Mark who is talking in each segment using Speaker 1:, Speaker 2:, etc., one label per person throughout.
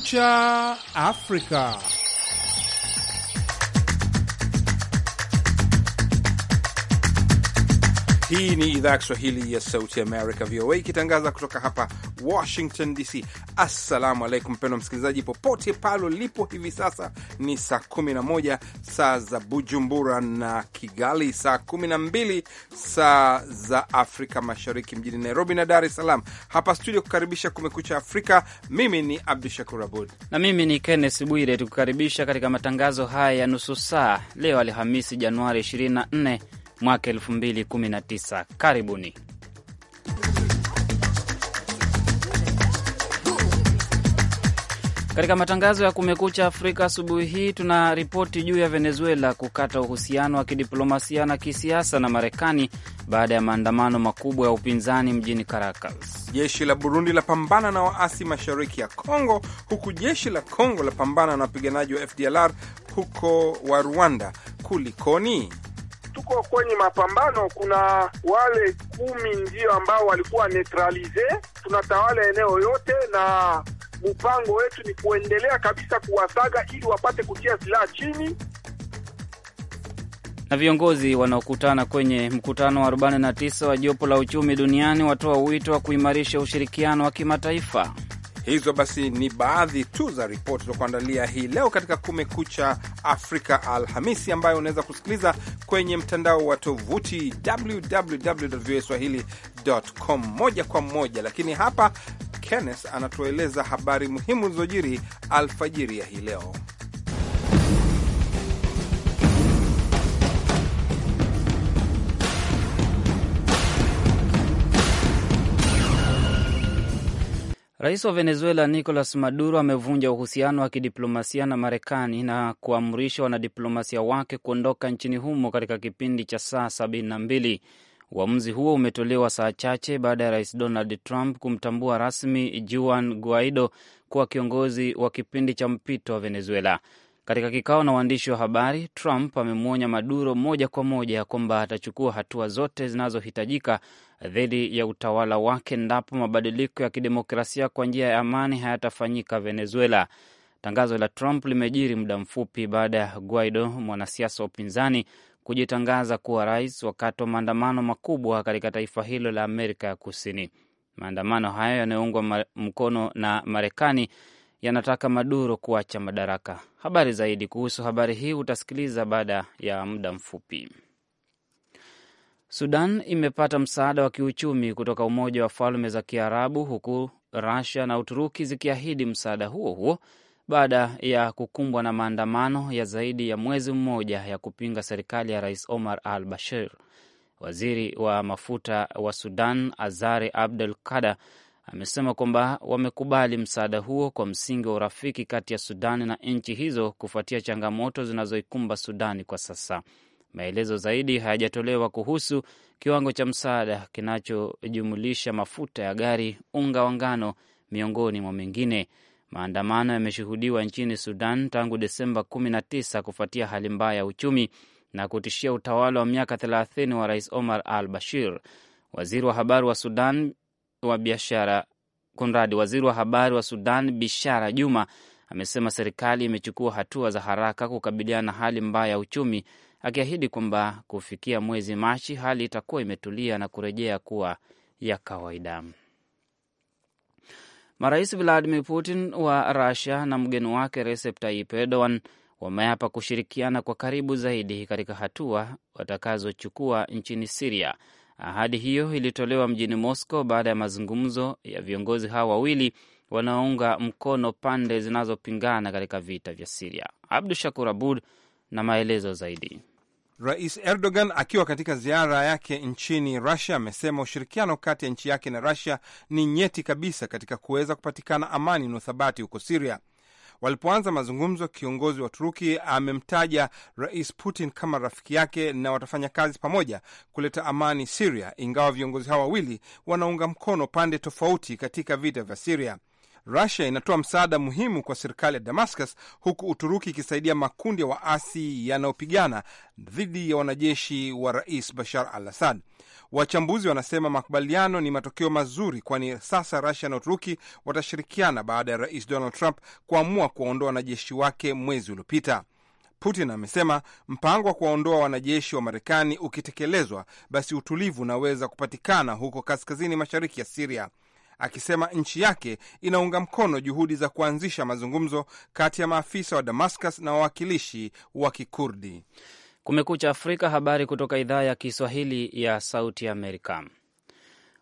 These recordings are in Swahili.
Speaker 1: Future Africa. Hii ni idhaa ya Kiswahili ya Sauti Amerika, VOA, ikitangaza kutoka hapa Washington DC. Assalamu alaikum, mpendwa msikilizaji, popote pale ulipo hivi sasa. Ni saa 11 saa za Bujumbura na Kigali, saa 12 saa za Afrika Mashariki, mjini Nairobi na Dar es Salaam. Hapa studio kukaribisha Kumekucha Afrika, mimi ni Abdu Shakur Abud
Speaker 2: na mimi ni Kennes Bwire, tukukaribisha katika matangazo haya ya nusu saa leo Alhamisi, Januari 24 mwaka 2019. Karibuni. Katika matangazo ya Kumekucha Afrika asubuhi hii tuna ripoti juu ya Venezuela kukata uhusiano wa kidiplomasia na kisiasa na Marekani baada ya maandamano makubwa ya upinzani
Speaker 1: mjini Caracas. Jeshi la Burundi lapambana na waasi mashariki ya Kongo, huku jeshi la Kongo lapambana na wapiganaji wa FDLR huko wa Rwanda. Kulikoni?
Speaker 3: tuko kwenye mapambano, kuna wale kumi ndio ambao walikuwa neutralize. Tunatawala eneo yote na mpango wetu ni kuendelea kabisa kuwasaga ili wapate kutia silaha chini.
Speaker 2: Na viongozi wanaokutana kwenye mkutano wa 49 wa jopo la uchumi duniani
Speaker 1: watoa wito wa kuimarisha ushirikiano wa kimataifa. Hizo basi ni baadhi tu za ripoti za kuandalia hii leo katika Kumekucha Afrika Alhamisi, ambayo unaweza kusikiliza kwenye mtandao wa tovuti www.voaswahili.com moja kwa moja. Lakini hapa Kenneth anatueleza habari muhimu zilizojiri alfajiri ya hii leo.
Speaker 2: Rais wa Venezuela Nicolas Maduro amevunja uhusiano wa kidiplomasia na Marekani na kuamrisha wanadiplomasia wake kuondoka nchini humo katika kipindi cha saa sabini na mbili. Uamuzi huo umetolewa saa chache baada ya rais Donald Trump kumtambua rasmi Juan Guaido kuwa kiongozi wa kipindi cha mpito wa Venezuela. Katika kikao na waandishi wa habari, Trump amemwonya Maduro moja kwa moja kwamba atachukua hatua zote zinazohitajika dhidi ya utawala wake endapo mabadiliko ya kidemokrasia kwa njia ya amani hayatafanyika Venezuela. Tangazo la Trump limejiri muda mfupi baada ya Guaido, mwanasiasa wa upinzani, kujitangaza kuwa rais wakati wa maandamano makubwa katika taifa hilo la Amerika ya Kusini. Maandamano hayo yanayoungwa mkono na Marekani yanataka Maduro kuacha madaraka. Habari zaidi kuhusu habari hii utasikiliza baada ya muda mfupi. Sudan imepata msaada wa kiuchumi kutoka Umoja wa Falme za Kiarabu, huku rasia na Uturuki zikiahidi msaada huo huo baada ya kukumbwa na maandamano ya zaidi ya mwezi mmoja ya kupinga serikali ya Rais Omar al Bashir. Waziri wa mafuta wa Sudan Azari Abdul Kada amesema kwamba wamekubali msaada huo kwa msingi wa urafiki kati ya Sudani na nchi hizo kufuatia changamoto zinazoikumba Sudani kwa sasa. Maelezo zaidi hayajatolewa kuhusu kiwango cha msaada kinachojumulisha mafuta ya gari, unga wa ngano, miongoni mwa mengine. Maandamano yameshuhudiwa nchini Sudan tangu Desemba 19 kufuatia hali mbaya ya uchumi na kutishia utawala wa miaka 30 wa Rais Omar al Bashir. Waziri wa habari wa Sudan wa biashara kunradi, waziri wa habari wa Sudan Bishara Juma amesema serikali imechukua hatua za haraka kukabiliana na hali mbaya ya uchumi, akiahidi kwamba kufikia mwezi Machi hali itakuwa imetulia na kurejea kuwa ya kawaida. Marais Vladimir Putin wa rasia na mgeni wake Recep Tayyip Erdogan wameapa kushirikiana kwa karibu zaidi katika hatua watakazochukua nchini Siria Ahadi hiyo ilitolewa mjini Moscow baada ya mazungumzo ya viongozi hawa wawili wanaounga mkono pande zinazopingana katika vita vya Siria. Abdu Shakur Abud na maelezo zaidi.
Speaker 1: Rais Erdogan akiwa katika ziara yake nchini Rusia amesema ushirikiano kati ya nchi yake na Rusia ni nyeti kabisa katika kuweza kupatikana amani na uthabati huko Siria. Walipoanza mazungumzo, kiongozi wa Turuki amemtaja Rais Putin kama rafiki yake na watafanya kazi pamoja kuleta amani Siria, ingawa viongozi hao wawili wanaunga mkono pande tofauti katika vita vya Siria. Rusia inatoa msaada muhimu kwa serikali ya Damascus, huku Uturuki ikisaidia makundi ya waasi yanayopigana dhidi ya wanajeshi wa Rais Bashar al Assad. Wachambuzi wanasema makubaliano ni matokeo mazuri, kwani sasa Rusia na Uturuki watashirikiana baada ya Rais Donald Trump kuamua kuwaondoa wanajeshi wake mwezi uliopita. Putin amesema mpango wa kuwaondoa wanajeshi wa Marekani ukitekelezwa, basi utulivu unaweza kupatikana huko kaskazini mashariki ya Siria akisema nchi yake inaunga mkono juhudi za kuanzisha mazungumzo kati ya maafisa wa Damascus na wawakilishi wa Kikurdi. Kumekucha
Speaker 2: Afrika, habari kutoka idhaa ya Kiswahili ya Sauti Amerika.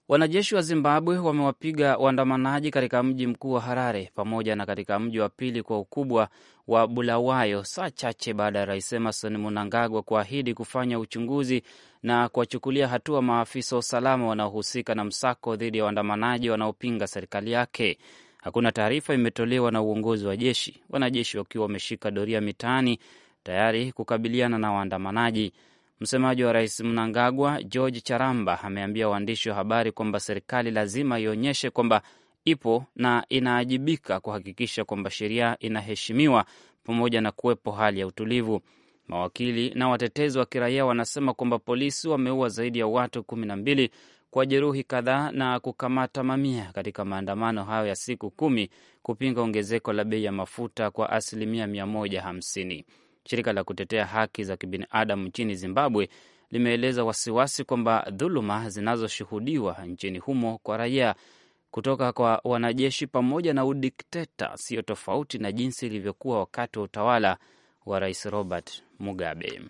Speaker 2: Wanajeshi wa Zimbabwe wamewapiga waandamanaji katika mji mkuu wa Harare pamoja na katika mji wa pili kwa ukubwa wa Bulawayo, saa chache baada ya Rais Emerson Mnangagwa kuahidi kufanya uchunguzi na kuwachukulia hatua maafisa wa usalama wanaohusika na msako dhidi ya waandamanaji wanaopinga serikali yake. Hakuna taarifa imetolewa na uongozi wa jeshi, wanajeshi wakiwa wameshika doria mitaani tayari kukabiliana na waandamanaji. Msemaji wa rais Mnangagwa, George Charamba, ameambia waandishi wa habari kwamba serikali lazima ionyeshe kwamba ipo na inaajibika kuhakikisha kwamba sheria inaheshimiwa pamoja na kuwepo hali ya utulivu. Mawakili na watetezi wa kiraia wanasema kwamba polisi wameua zaidi ya watu kumi na mbili kwa jeruhi kadhaa na kukamata mamia katika maandamano hayo ya siku kumi kupinga ongezeko la bei ya mafuta kwa asilimia mia moja hamsini. Shirika la kutetea haki za kibinadamu nchini Zimbabwe limeeleza wasiwasi kwamba dhuluma zinazoshuhudiwa nchini humo kwa raia kutoka kwa wanajeshi pamoja na udikteta siyo tofauti na jinsi ilivyokuwa wakati wa utawala wa Rais Robert Mugabe.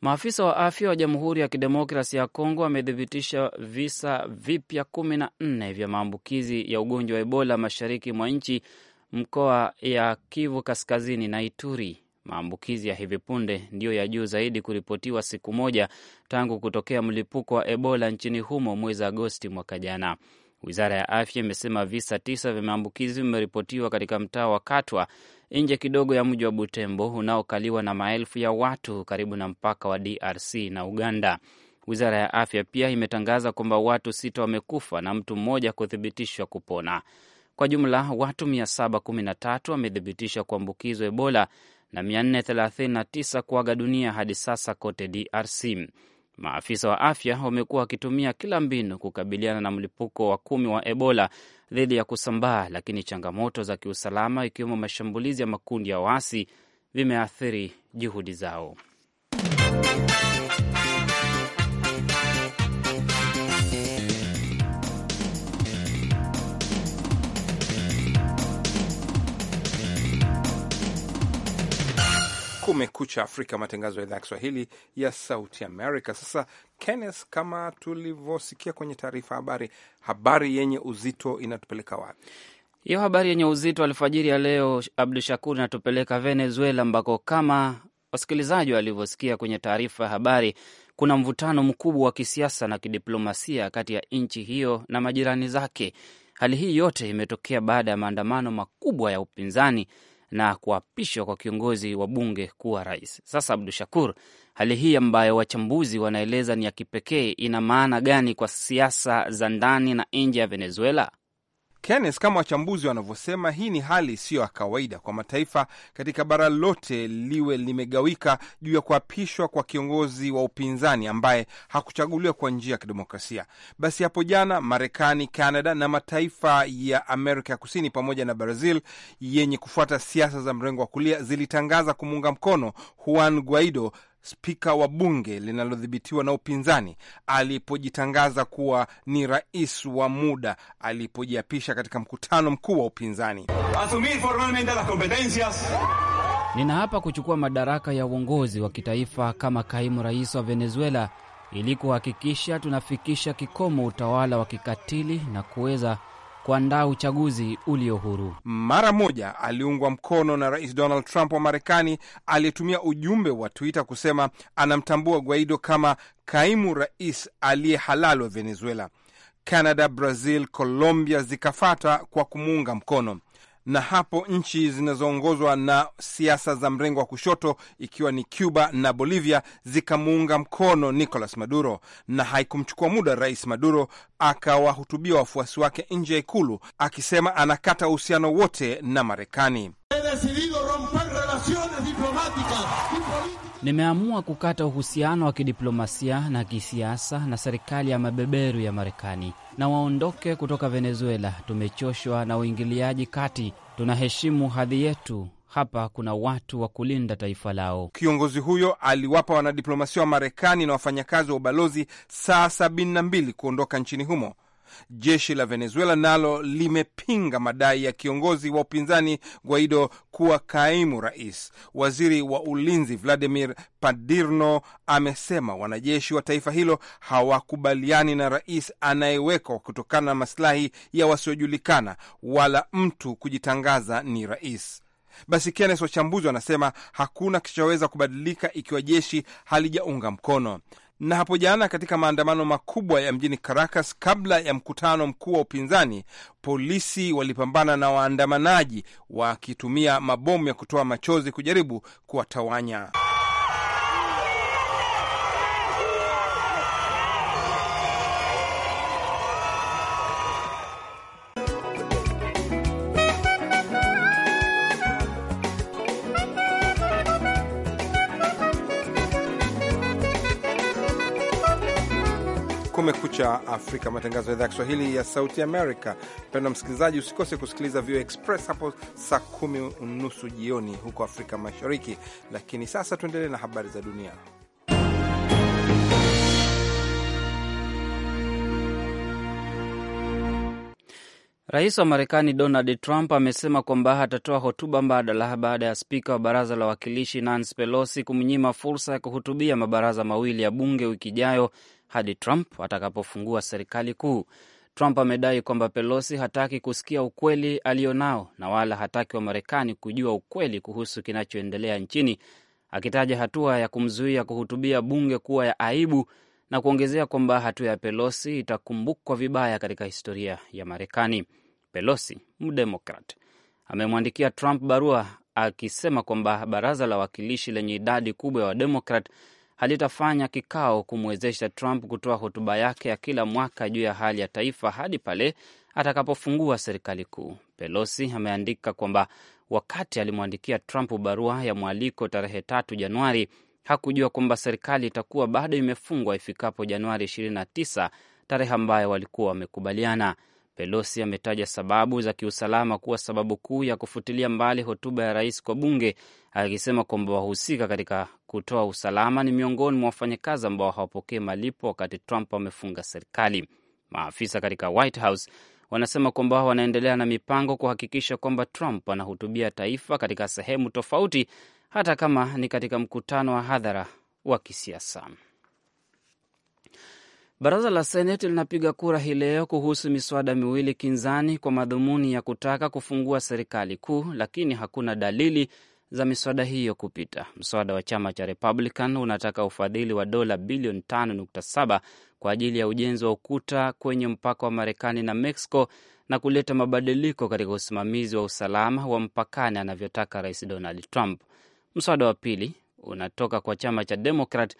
Speaker 2: Maafisa wa afya wa Jamhuri ya Kidemokrasi ya Kongo wamethibitisha visa vipya kumi na nne vya maambukizi ya ugonjwa wa Ebola mashariki mwa nchi mkoa ya Kivu Kaskazini na Ituri. Maambukizi ya hivi punde ndiyo ya juu zaidi kuripotiwa siku moja tangu kutokea mlipuko wa Ebola nchini humo mwezi Agosti mwaka jana. Wizara ya afya imesema visa tisa vya maambukizi vimeripotiwa katika mtaa wa Katwa, nje kidogo ya mji wa Butembo unaokaliwa na maelfu ya watu karibu na mpaka wa DRC na Uganda. Wizara ya afya pia imetangaza kwamba watu sita wamekufa na mtu mmoja kuthibitishwa kupona. Kwa jumla watu 713 wamethibitisha kuambukizwa Ebola na 439 kuaga dunia hadi sasa kote DRC. Maafisa wa afya wamekuwa wakitumia kila mbinu kukabiliana na mlipuko wa kumi wa Ebola dhidi ya kusambaa, lakini changamoto za kiusalama ikiwemo mashambulizi ya makundi ya waasi vimeathiri juhudi zao.
Speaker 1: Kumekucha Afrika, matangazo ya idhaa ya Kiswahili ya Sauti Amerika. Sasa Kenneth, kama tulivyosikia kwenye taarifa habari, habari yenye uzito inatupeleka wapi? Hiyo habari yenye uzito
Speaker 2: alfajiri ya leo, Abdu Shakur, inatupeleka Venezuela, ambako kama wasikilizaji walivyosikia kwenye taarifa ya habari, kuna mvutano mkubwa wa kisiasa na kidiplomasia kati ya nchi hiyo na majirani zake. Hali hii yote imetokea baada ya maandamano makubwa ya upinzani na kuapishwa kwa kiongozi wa bunge kuwa rais. Sasa Abdu Shakur, hali hii ambayo wachambuzi wanaeleza ni ya kipekee, ina maana gani kwa
Speaker 1: siasa za ndani na nje ya Venezuela? Kenneth, kama wachambuzi wanavyosema, hii ni hali isiyo ya kawaida kwa mataifa katika bara lote liwe limegawika juu ya kuapishwa kwa kiongozi wa upinzani ambaye hakuchaguliwa kwa njia ya kidemokrasia. Basi hapo jana Marekani, Canada na mataifa ya Amerika ya Kusini pamoja na Brazil yenye kufuata siasa za mrengo wa kulia zilitangaza kumuunga mkono Juan Guaido spika wa bunge linalodhibitiwa na upinzani alipojitangaza kuwa ni rais wa muda alipojiapisha katika mkutano mkuu wa upinzani.
Speaker 2: Ninaapa kuchukua madaraka ya uongozi wa kitaifa kama kaimu rais wa Venezuela ili kuhakikisha tunafikisha kikomo utawala wa kikatili na kuweza kuandaa uchaguzi ulio huru. Mara
Speaker 1: moja aliungwa mkono na Rais Donald Trump wa Marekani aliyetumia ujumbe wa Twitter kusema anamtambua Guaido kama kaimu rais aliye halali wa Venezuela. Canada, Brazil, Colombia zikafata kwa kumuunga mkono na hapo nchi zinazoongozwa na siasa za mrengo wa kushoto ikiwa ni Cuba na Bolivia zikamuunga mkono Nicolas Maduro, na haikumchukua muda Rais Maduro akawahutubia wafuasi wake nje ya Ikulu akisema anakata uhusiano wote na Marekani
Speaker 2: nimeamua kukata uhusiano wa kidiplomasia na kisiasa na serikali ya mabeberu ya Marekani na waondoke kutoka Venezuela. Tumechoshwa na uingiliaji kati, tunaheshimu hadhi yetu. Hapa kuna watu wa kulinda taifa lao.
Speaker 1: Kiongozi huyo aliwapa wanadiplomasia wa Marekani na wafanyakazi wa ubalozi saa 72 kuondoka nchini humo. Jeshi la Venezuela nalo limepinga madai ya kiongozi wa upinzani Guaido kuwa kaimu rais. Waziri wa ulinzi Vladimir Padirno amesema wanajeshi wa taifa hilo hawakubaliani na rais anayewekwa kutokana na masilahi ya wasiojulikana wala mtu kujitangaza ni rais. Basi Kennes, wachambuzi wanasema hakuna kichoweza kubadilika ikiwa jeshi halijaunga mkono na hapo jana katika maandamano makubwa ya mjini Caracas kabla ya mkutano mkuu wa upinzani, polisi walipambana na waandamanaji wakitumia mabomu ya kutoa machozi kujaribu kuwatawanya. Kumekucha Afrika, matangazo ya idhaa ya Kiswahili ya Sauti Amerika. Mpendwa msikilizaji, usikose kusikiliza VOA Express hapo saa kumi unusu jioni huko Afrika Mashariki. Lakini sasa tuendelee na habari za dunia.
Speaker 2: Rais wa Marekani Donald Trump amesema kwamba atatoa hotuba mbadala baada ya spika wa baraza la wawakilishi Nancy Pelosi kumnyima fursa ya kuhutubia mabaraza mawili ya bunge wiki ijayo hadi Trump atakapofungua serikali kuu. Trump amedai kwamba Pelosi hataki kusikia ukweli alionao na wala hataki Wamarekani kujua ukweli kuhusu kinachoendelea nchini, akitaja hatua ya kumzuia kuhutubia bunge kuwa ya aibu na kuongezea kwamba hatua ya Pelosi itakumbukwa vibaya katika historia ya Marekani. Pelosi, mdemokrat, amemwandikia Trump barua akisema kwamba baraza la wawakilishi lenye idadi kubwa ya Wademokrat halitafanya kikao kumwezesha Trump kutoa hotuba yake ya kila mwaka juu ya hali ya taifa hadi pale atakapofungua serikali kuu. Pelosi ameandika kwamba wakati alimwandikia Trump barua ya mwaliko tarehe tatu Januari hakujua kwamba serikali itakuwa bado imefungwa ifikapo Januari 29, tarehe ambayo walikuwa wamekubaliana. Pelosi ametaja sababu za kiusalama kuwa sababu kuu ya kufutilia mbali hotuba ya rais kwa bunge, akisema kwamba wahusika katika kutoa usalama ni miongoni mwa wafanyakazi ambao hawapokee malipo wakati Trump amefunga serikali. Maafisa katika White House wanasema kwamba wanaendelea na mipango kuhakikisha kwamba Trump anahutubia taifa katika sehemu tofauti, hata kama ni katika mkutano wa hadhara wa kisiasa. Baraza la Seneti linapiga kura hii leo kuhusu miswada miwili kinzani kwa madhumuni ya kutaka kufungua serikali kuu, lakini hakuna dalili za miswada hiyo kupita. Mswada wa chama cha Republican unataka ufadhili wa dola bilioni 5.7 kwa ajili ya ujenzi wa ukuta kwenye mpaka wa Marekani na Mexico na kuleta mabadiliko katika usimamizi wa usalama wa mpakani anavyotaka Rais Donald Trump. Mswada wa pili unatoka kwa chama cha Demokrat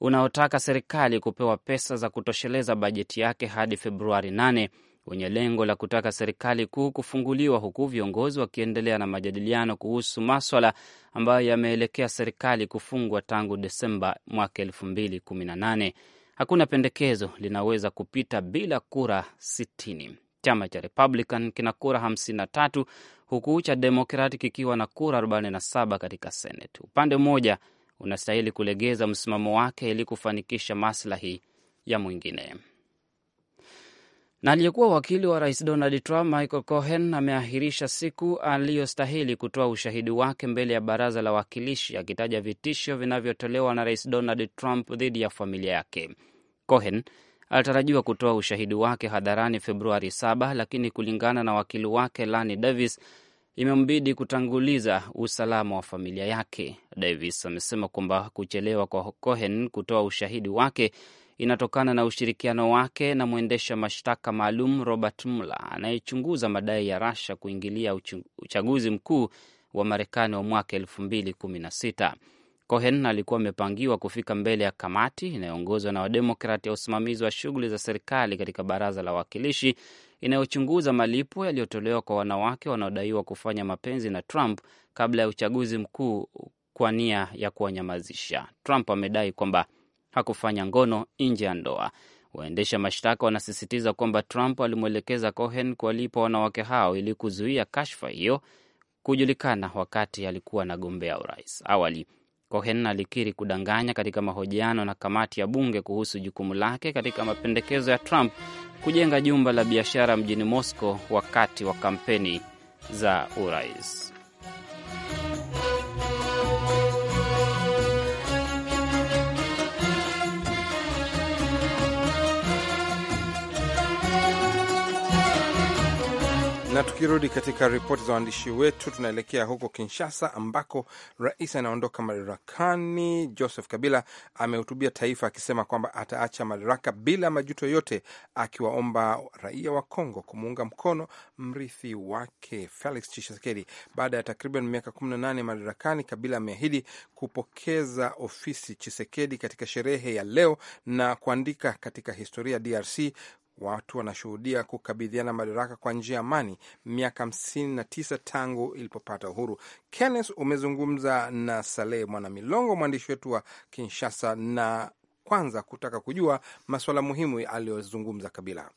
Speaker 2: unaotaka serikali kupewa pesa za kutosheleza bajeti yake hadi Februari 8 wenye lengo la kutaka serikali kuu kufunguliwa, huku viongozi wakiendelea na majadiliano kuhusu maswala ambayo yameelekea serikali kufungwa tangu Desemba mwaka 2018. Hakuna pendekezo linaweza kupita bila kura 60. Chama cha Republican kina kura 53 huku cha demokrat kikiwa na kura 47 katika Senate. Upande mmoja unastahili kulegeza msimamo wake ili kufanikisha maslahi ya mwingine. Na aliyekuwa wakili wa rais Donald Trump Michael Cohen ameahirisha siku aliyostahili kutoa ushahidi wake mbele ya baraza la wawakilishi, akitaja vitisho vinavyotolewa na rais Donald Trump dhidi ya familia yake. Cohen alitarajiwa kutoa ushahidi wake hadharani Februari 7 lakini kulingana na wakili wake Lani Davis imembidi kutanguliza usalama wa familia yake. Davis amesema kwamba kuchelewa kwa Cohen kutoa ushahidi wake inatokana na ushirikiano wake na mwendesha mashtaka maalum Robert Mueller anayechunguza madai ya Russia kuingilia uchaguzi mkuu wa Marekani wa mwaka elfu mbili kumi na sita. Cohen alikuwa amepangiwa kufika mbele ya kamati inayoongozwa na Wademokrati ya usimamizi wa shughuli za serikali katika baraza la wawakilishi inayochunguza malipo yaliyotolewa kwa wanawake wanaodaiwa kufanya mapenzi na Trump kabla ya uchaguzi mkuu kwa nia ya kuwanyamazisha. Trump amedai kwamba hakufanya ngono nje ya ndoa. Waendesha mashtaka wanasisitiza kwamba Trump alimwelekeza Cohen kuwalipa wanawake hao ili kuzuia kashfa hiyo kujulikana wakati alikuwa anagombea urais. Awali Cohen alikiri kudanganya katika mahojiano na kamati ya bunge kuhusu jukumu lake katika mapendekezo ya Trump kujenga jumba la biashara mjini Moscow wakati wa kampeni za
Speaker 1: urais. Na tukirudi katika ripoti za waandishi wetu, tunaelekea huko Kinshasa ambako rais anaondoka madarakani Joseph Kabila amehutubia taifa akisema kwamba ataacha madaraka bila majuto yote, akiwaomba raia wa Kongo kumuunga mkono mrithi wake Felix Tshisekedi. Baada ya takriban miaka 18 madarakani, Kabila ameahidi kupokeza ofisi Tshisekedi katika sherehe ya leo na kuandika katika historia DRC watu wanashuhudia kukabidhiana madaraka kwa njia ya amani miaka tisa tangu ilipopata uhuru. Kenneth, umezungumza na Saleh Mwanamilongo, mwandishi wetu wa Kinshasa, na kwanza kutaka kujua masuala muhimu aliyozungumza Kabila.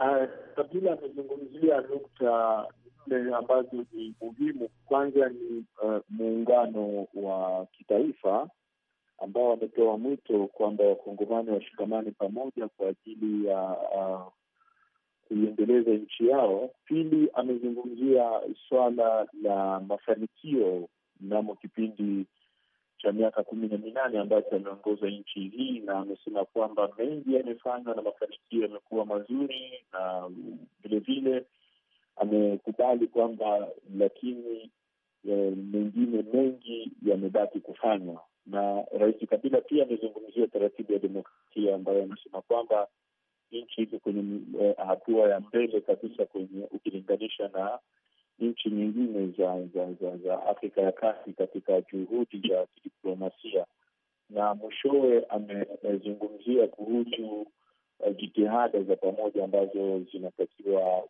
Speaker 4: Uh, Kabila amezungumzia nukta nne ambazo ni muhimu. Kwanza ni uh, muungano wa kitaifa ambao wametoa mwito kwamba wakongomani washikamani pamoja kwa ajili ya kuiendeleza nchi yao. Pili, amezungumzia swala la mafanikio mnamo kipindi cha miaka kumi na minane ambacho ameongoza nchi hii, na amesema kwamba mengi yamefanywa na mafanikio yamekuwa mazuri, na vilevile amekubali kwamba lakini e, mengine mengi yamebaki kufanywa na Rais Kabila pia amezungumzia taratibu ya demokrasia ambayo anasema kwamba nchi iko kwenye eh, hatua ya mbele kabisa kwenye ukilinganisha na nchi nyingine za za, za za Afrika ya Kati katika juhudi za kidiplomasia, na mwishowe amezungumzia kuhusu eh, jitihada za pamoja ambazo zinatakiwa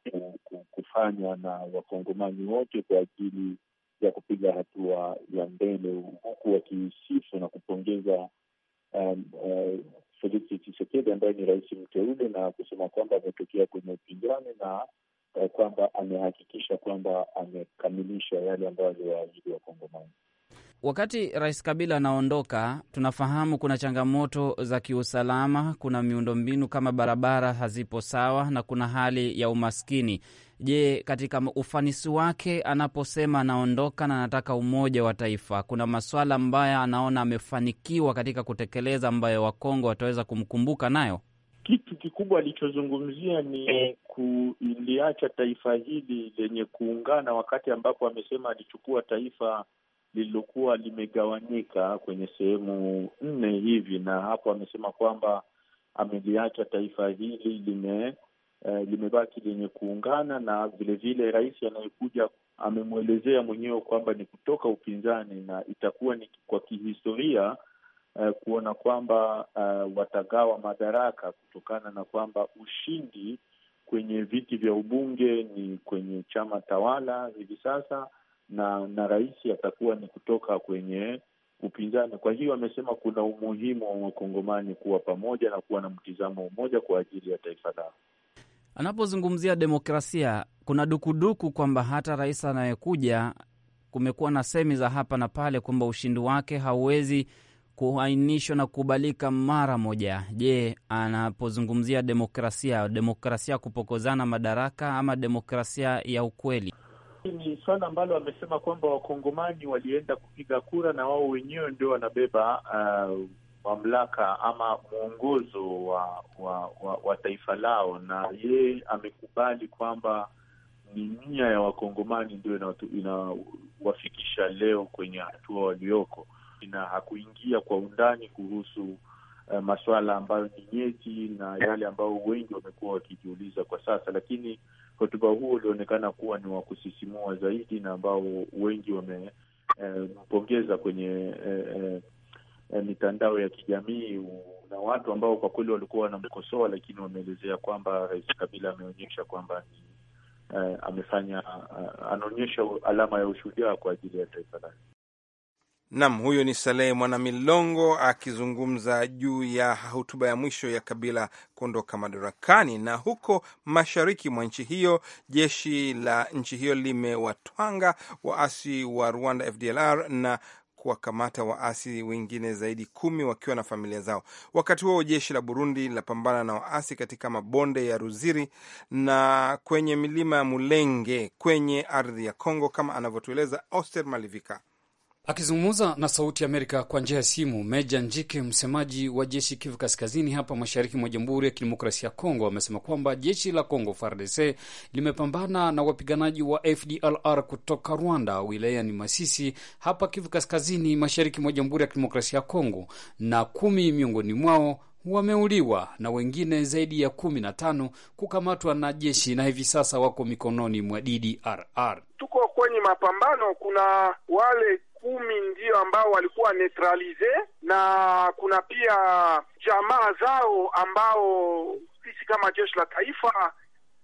Speaker 4: kufanywa na wakongomani wote kwa ajili ya kupiga hatua ya mbele, huku wakisifu na kupongeza um, uh, Felix Chisekedi ambaye ni rais mteule na kusema kwamba ametokea kwenye upinzani na uh, kwamba amehakikisha kwamba amekamilisha yale ambayo wa Kongomani.
Speaker 2: Wakati Rais Kabila anaondoka, tunafahamu kuna changamoto za kiusalama, kuna miundombinu kama barabara hazipo sawa na kuna hali ya umaskini. Je, katika ufanisi wake anaposema anaondoka na anataka umoja wa taifa, kuna maswala ambayo anaona amefanikiwa katika kutekeleza ambayo Wakongo wataweza kumkumbuka nayo? Kitu
Speaker 4: kikubwa alichozungumzia ni kuliacha taifa hili lenye kuungana, wakati ambapo amesema alichukua taifa lililokuwa limegawanyika kwenye sehemu nne hivi, na hapo amesema kwamba ameliacha taifa hili lime eh, limebaki lenye kuungana, na vilevile rais anayekuja amemwelezea mwenyewe kwamba ni kutoka upinzani na itakuwa ni kwa kihistoria eh, kuona kwamba eh, watagawa madaraka kutokana na kwamba ushindi kwenye viti vya ubunge ni kwenye chama tawala hivi sasa na na rais atakuwa ni kutoka kwenye upinzani. Kwa hiyo amesema kuna umuhimu wa wakongomani kuwa pamoja na kuwa na mtizamo mmoja kwa ajili ya taifa lao.
Speaker 2: Anapozungumzia demokrasia, kuna dukuduku kwamba hata rais anayekuja, kumekuwa na semi za hapa na pale kwamba ushindi wake hauwezi kuainishwa na kukubalika mara moja. Je, anapozungumzia demokrasia, demokrasia kupokozana madaraka ama demokrasia ya ukweli?
Speaker 3: ni swala ambalo
Speaker 4: amesema kwamba wakongomani walienda kupiga kura na wao wenyewe ndio wanabeba uh, mamlaka ama mwongozo wa wa, wa wa taifa lao, na yeye amekubali kwamba ni nia ya wakongomani ndio inawafikisha leo kwenye hatua walioko, na hakuingia kwa undani kuhusu uh, masuala ambayo ni nyeti na yale ambayo wengi wamekuwa wakijiuliza kwa sasa, lakini hotuba huo ulionekana kuwa ni wa kusisimua zaidi na ambao wengi wamempongeza eh, kwenye eh, eh, eh, mitandao ya kijamii na watu ambao kwa kweli walikuwa wanamkosoa, lakini wameelezea kwamba Rais Kabila ameonyesha kwamba ni eh, amefanya, anaonyesha alama ya ushujaa kwa ajili ya taifa lake.
Speaker 1: Nam, huyo ni Salehe Mwanamilongo akizungumza juu ya hotuba ya mwisho ya Kabila kuondoka madarakani. Na huko mashariki mwa nchi hiyo, jeshi la nchi hiyo limewatwanga waasi wa Rwanda FDLR na kuwakamata waasi wengine zaidi kumi wakiwa na familia zao. Wakati huo jeshi la Burundi linapambana na waasi katika mabonde ya Ruziri na kwenye milima ya Mulenge kwenye ardhi ya Kongo, kama anavyotueleza Oster Malivika.
Speaker 5: Akizungumza na Sauti Amerika kwa njia ya simu, Meja Njike, msemaji wa jeshi Kivu Kaskazini hapa mashariki mwa Jamhuri ya Kidemokrasia ya Kongo, amesema kwamba jeshi la Kongo FARDC limepambana na wapiganaji wa FDLR kutoka Rwanda wilayani Masisi hapa Kivu Kaskazini, mashariki mwa Jamhuri ya Kidemokrasia ya Kongo, na kumi miongoni mwao wameuliwa na wengine zaidi ya kumi na tano kukamatwa na jeshi na hivi sasa wako mikononi mwa DDRR.
Speaker 3: Tuko kwenye mapambano, kuna wale kumi ndio ambao walikuwa neutralize, na kuna pia jamaa zao ambao sisi kama jeshi la taifa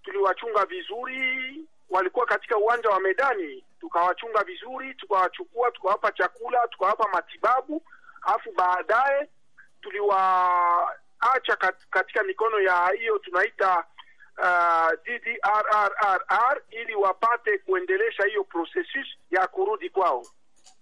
Speaker 3: tuliwachunga vizuri, walikuwa katika uwanja wa medani, tukawachunga vizuri, tukawachukua, tukawapa chakula, tukawapa matibabu, alafu baadaye tuliwaacha katika mikono ya hiyo tunaita Uh, ili wapate kuendelesha hiyo processus
Speaker 5: ya kurudi kwao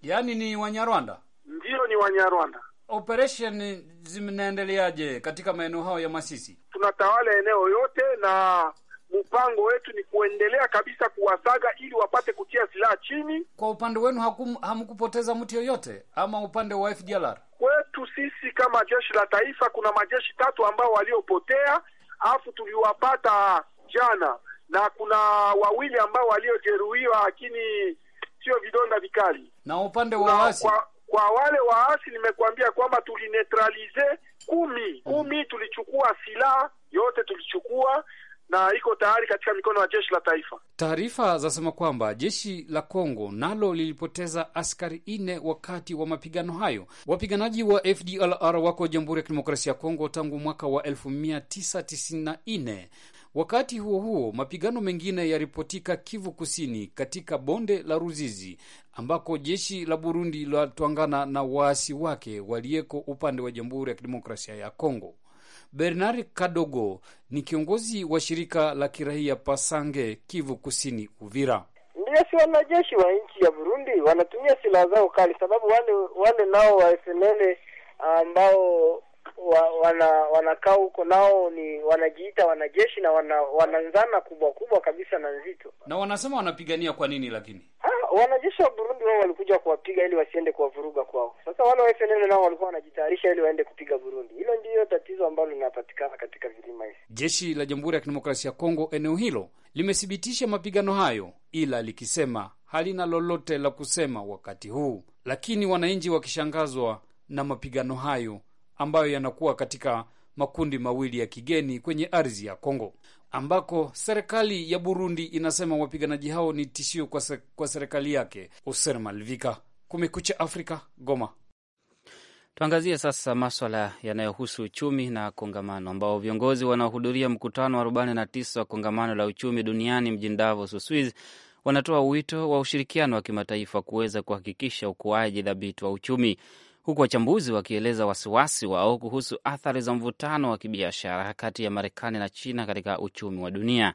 Speaker 5: yaani ni Wanyarwanda? Ndiyo, ni Wanyarwanda. Operation zinaendeleaje katika maeneo hayo ya Masisi?
Speaker 3: Tunatawala eneo yote
Speaker 5: na mpango wetu ni kuendelea kabisa kuwasaga ili wapate kutia silaha chini. Kwa upande wenu hakum, hamkupoteza mtu yoyote ama upande wa FDLR? Kwetu sisi kama jeshi la taifa kuna majeshi tatu ambao waliopotea, afu tuliwapata
Speaker 3: jana, na kuna wawili ambao waliojeruhiwa, lakini sio vidonda vikali. Na upande wa waasi kwa, kwa wale waasi nimekuambia kwamba tulineutralize kumi mm. kumi, tulichukua silaha yote tulichukua na iko tayari katika mikono ya jeshi la taifa.
Speaker 5: Taarifa zasema kwamba jeshi la Kongo nalo lilipoteza askari ine wakati wa mapigano hayo. Wapiganaji wa FDLR wako Jamhuri ya Kidemokrasia ya Kongo tangu mwaka wa 1994. Wakati huo huo, mapigano mengine yaripotika Kivu Kusini, katika bonde la Ruzizi, ambako jeshi la Burundi lilatwangana na waasi wake waliyeko upande wa Jamhuri ya Kidemokrasia ya Kongo. Bernard Kadogo ni kiongozi wa shirika la kiraia Pasange, Kivu Kusini, Uvira.
Speaker 3: Ndiyo, si wanajeshi wa nchi ya Burundi wanatumia silaha zao kali, sababu wale wale nao wa FNL ah, ambao wa, wana wanakaa huko nao ni wanajiita wanajeshi na wana, wananzana kubwa kubwa kabisa na nzito,
Speaker 5: na wanasema wanapigania kwa nini? Lakini
Speaker 3: wanajeshi wa Burundi wao walikuja kuwapiga ili wasiende kuwavuruga kwao. Sasa wale wa FNL nao walikuwa wanajitayarisha ili waende kupiga Burundi. Hilo ndiyo tatizo ambalo linapatikana katika vilima hivi.
Speaker 5: Jeshi la Jamhuri ya Kidemokrasia ya Kongo eneo hilo limethibitisha mapigano hayo, ila likisema halina lolote la kusema wakati huu, lakini wananchi wakishangazwa na mapigano hayo ambayo yanakuwa katika makundi mawili ya kigeni kwenye ardhi ya Kongo, ambako serikali ya Burundi inasema wapiganaji hao ni tishio kwa, se, kwa serikali yake. Oser Malvika, Kumekucha Afrika, Goma. Tuangazie sasa
Speaker 2: maswala yanayohusu uchumi na kongamano ambao viongozi wanaohudhuria mkutano wa 49 wa kongamano la uchumi duniani mjini Davos, Uswiz, wanatoa wito wa ushirikiano wa kimataifa kuweza kuhakikisha ukuaji dhabiti wa uchumi huku wachambuzi wakieleza wasiwasi wao kuhusu athari za mvutano wa kibiashara kati ya Marekani na China katika uchumi wa dunia.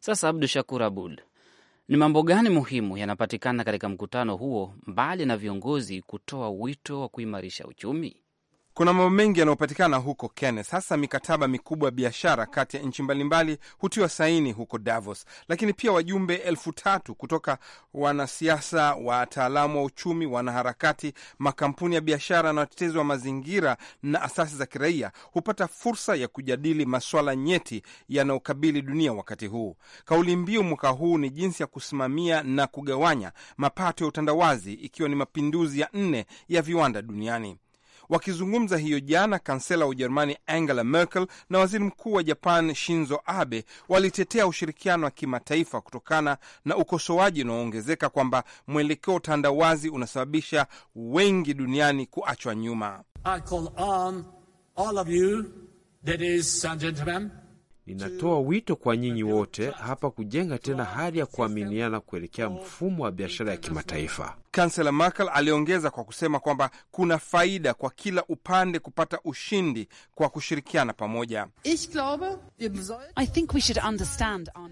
Speaker 2: Sasa, Abdu Shakur Abud, ni mambo gani muhimu yanapatikana katika
Speaker 1: mkutano huo mbali na viongozi kutoa wito wa kuimarisha uchumi? Kuna mambo mengi yanayopatikana huko Kenneth, hasa mikataba mikubwa ya biashara kati ya nchi mbalimbali hutiwa saini huko Davos, lakini pia wajumbe elfu tatu kutoka wanasiasa, wataalamu wa uchumi, wanaharakati, makampuni ya biashara na watetezi wa mazingira na asasi za kiraia hupata fursa ya kujadili maswala nyeti yanayokabili dunia wakati huu. Kauli mbiu mwaka huu ni jinsi ya kusimamia na kugawanya mapato ya utandawazi, ikiwa ni mapinduzi ya nne ya viwanda duniani. Wakizungumza hiyo jana, kansela wa Ujerumani Angela Merkel na waziri mkuu wa Japan Shinzo Abe walitetea ushirikiano wa kimataifa kutokana na ukosoaji unaoongezeka kwamba mwelekeo wa utandawazi unasababisha wengi duniani kuachwa nyuma. Ninatoa wito kwa nyinyi wote hapa kujenga tena hali ya kuaminiana kuelekea mfumo wa biashara ya kimataifa. Kansela Merkel aliongeza kwa kusema kwamba kuna faida kwa kila upande kupata ushindi kwa kushirikiana pamoja.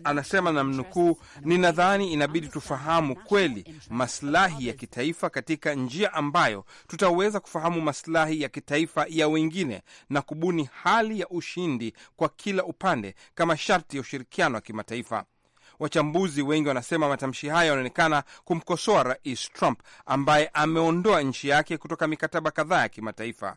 Speaker 1: Anasema namnukuu, ninadhani inabidi tufahamu kweli maslahi ya kitaifa katika njia ambayo tutaweza kufahamu maslahi ya kitaifa ya wengine na kubuni hali ya ushindi kwa kila upande kama sharti ya ushirikiano wa kimataifa. Wachambuzi wengi wanasema matamshi hayo yanaonekana kumkosoa Rais Trump ambaye ameondoa nchi yake kutoka mikataba kadhaa ya kimataifa.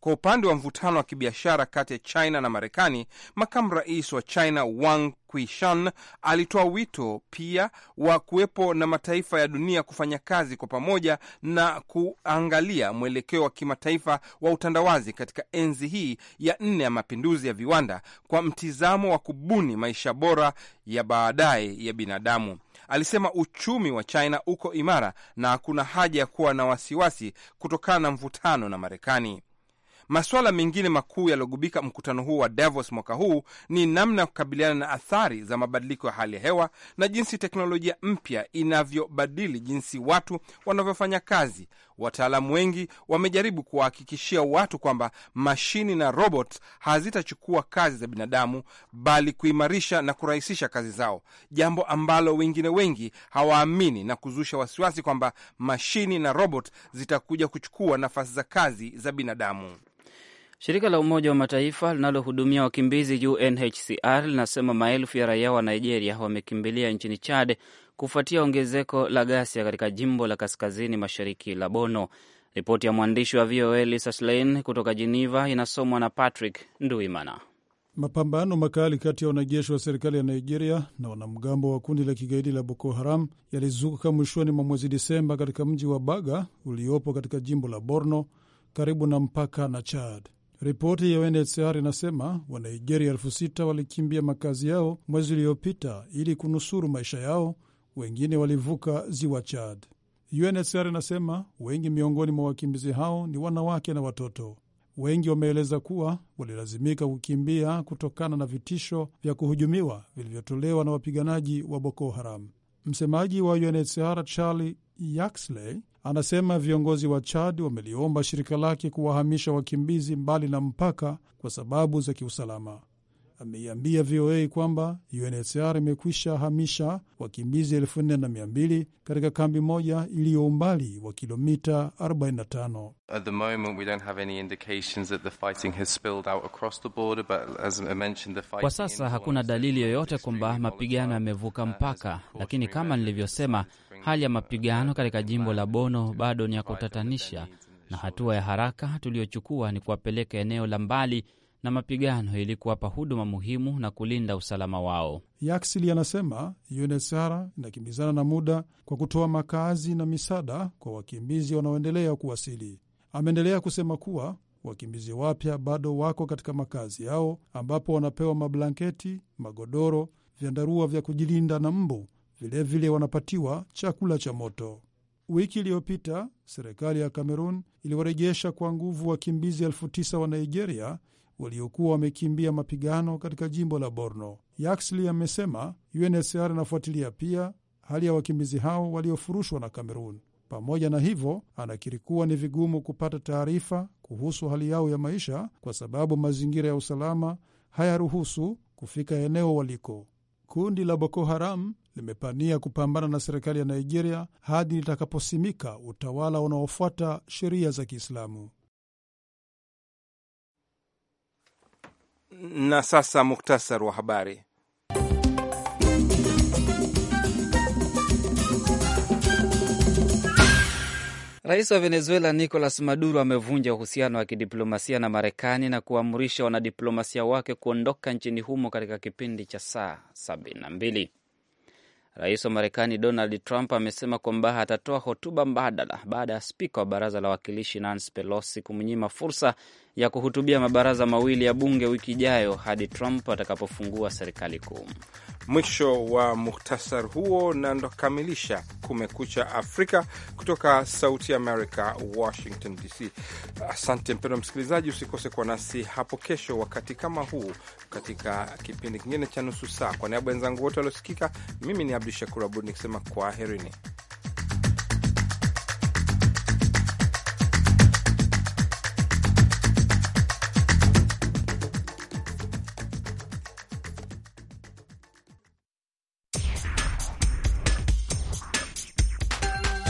Speaker 1: Kwa upande wa mvutano wa kibiashara kati ya China na Marekani, makamu rais wa China Wang quishan alitoa wito pia wa kuwepo na mataifa ya dunia kufanya kazi kwa pamoja na kuangalia mwelekeo wa kimataifa wa utandawazi katika enzi hii ya nne ya mapinduzi ya viwanda kwa mtizamo wa kubuni maisha bora ya baadaye ya binadamu. Alisema uchumi wa China uko imara na hakuna haja ya kuwa na wasiwasi kutokana na mvutano na Marekani. Masuala mengine makuu yaliyogubika mkutano huu wa Davos mwaka huu ni namna ya kukabiliana na athari za mabadiliko ya hali ya hewa na jinsi teknolojia mpya inavyobadili jinsi watu wanavyofanya kazi, Wataalamu wengi wamejaribu kuwahakikishia watu kwamba mashini na robot hazitachukua kazi za binadamu, bali kuimarisha na kurahisisha kazi zao, jambo ambalo wengine wengi hawaamini na kuzusha wasiwasi kwamba mashini na robot zitakuja kuchukua nafasi za kazi za binadamu.
Speaker 2: Shirika la Umoja wa Mataifa linalohudumia wakimbizi UNHCR linasema maelfu ya raia wa Nigeria wamekimbilia nchini Chad kufuatia ongezeko la ghasia katika jimbo la kaskazini mashariki la Bono. Ripoti ya mwandishi wa VOA Lisa Schlein kutoka Jeneva inasomwa na Patrick Nduimana.
Speaker 6: Mapambano makali kati ya wanajeshi wa serikali ya Nigeria na wanamgambo wa kundi la kigaidi la Boko Haram yalizuka mwishoni mwa mwezi Disemba katika mji wa Baga uliopo katika jimbo la Borno karibu na mpaka na Chad. Ripoti ya UNHCR inasema Wanigeria elfu sita walikimbia makazi yao mwezi uliopita ili kunusuru maisha yao wengine walivuka ziwa Chad. UNHCR inasema wengi miongoni mwa wakimbizi hao ni wanawake na watoto. Wengi wameeleza kuwa walilazimika kukimbia kutokana na vitisho vya kuhujumiwa vilivyotolewa na wapiganaji wa Boko Haram. Msemaji wa UNHCR Charlie Yaxley anasema viongozi wa Chad wameliomba shirika lake kuwahamisha wakimbizi mbali na mpaka kwa sababu za kiusalama ameiambia VOA kwamba UNHCR imekwisha hamisha wakimbizi 4200 katika kambi moja iliyo umbali wa kilomita 45.
Speaker 1: Kwa sasa
Speaker 2: hakuna dalili yoyote kwamba mapigano yamevuka uh, mpaka, lakini kama nilivyosema, hali ya mapigano katika jimbo la Bono bado ni ya kutatanisha, na hatua ya haraka tuliyochukua ni kuwapeleka eneo la mbali na mapigano ili kuwapa huduma muhimu na kulinda usalama
Speaker 6: wao. Yaksili anasema UNHCR inakimbizana na muda kwa kutoa makazi na misaada kwa wakimbizi wanaoendelea kuwasili. Ameendelea kusema kuwa wakimbizi wapya bado wako katika makazi yao ambapo wanapewa mablanketi, magodoro, vyandarua vya kujilinda na mbu. Vilevile wanapatiwa chakula cha moto. Wiki iliyopita serikali ya Kamerun iliwarejesha kwa nguvu wakimbizi elfu tisa wa Nigeria waliokuwa wamekimbia mapigano katika jimbo la Borno. Yaxley amesema UNHCR anafuatilia pia hali ya wakimbizi hao waliofurushwa na Kamerun. Pamoja na hivyo, anakiri kuwa ni vigumu kupata taarifa kuhusu hali yao ya maisha kwa sababu mazingira ya usalama hayaruhusu kufika eneo waliko. Kundi la Boko Haram limepania kupambana na serikali ya Nigeria hadi litakaposimika utawala unaofuata sheria za Kiislamu.
Speaker 1: Na sasa muktasar wa habari.
Speaker 2: Rais wa Venezuela Nicolas Maduro amevunja uhusiano wa kidiplomasia na Marekani na kuamrisha wanadiplomasia wake kuondoka nchini humo katika kipindi cha saa 72. Rais wa Marekani Donald Trump amesema kwamba atatoa hotuba mbadala baada ya spika wa baraza la wawakilishi Nancy Pelosi kumnyima fursa
Speaker 1: ya kuhutubia
Speaker 2: mabaraza mawili ya bunge wiki ijayo hadi Trump atakapofungua serikali kuu.
Speaker 1: Mwisho wa muhtasar huo, na ndokamilisha Kumekucha Afrika kutoka Sauti America, Washington DC. Asante mpendwa msikilizaji, usikose kuwa nasi hapo kesho wakati kama huu katika kipindi kingine cha nusu saa. Kwa niaba wenzangu wote waliosikika, mimi ni Abdu Shakur Abud nikisema kwaherini.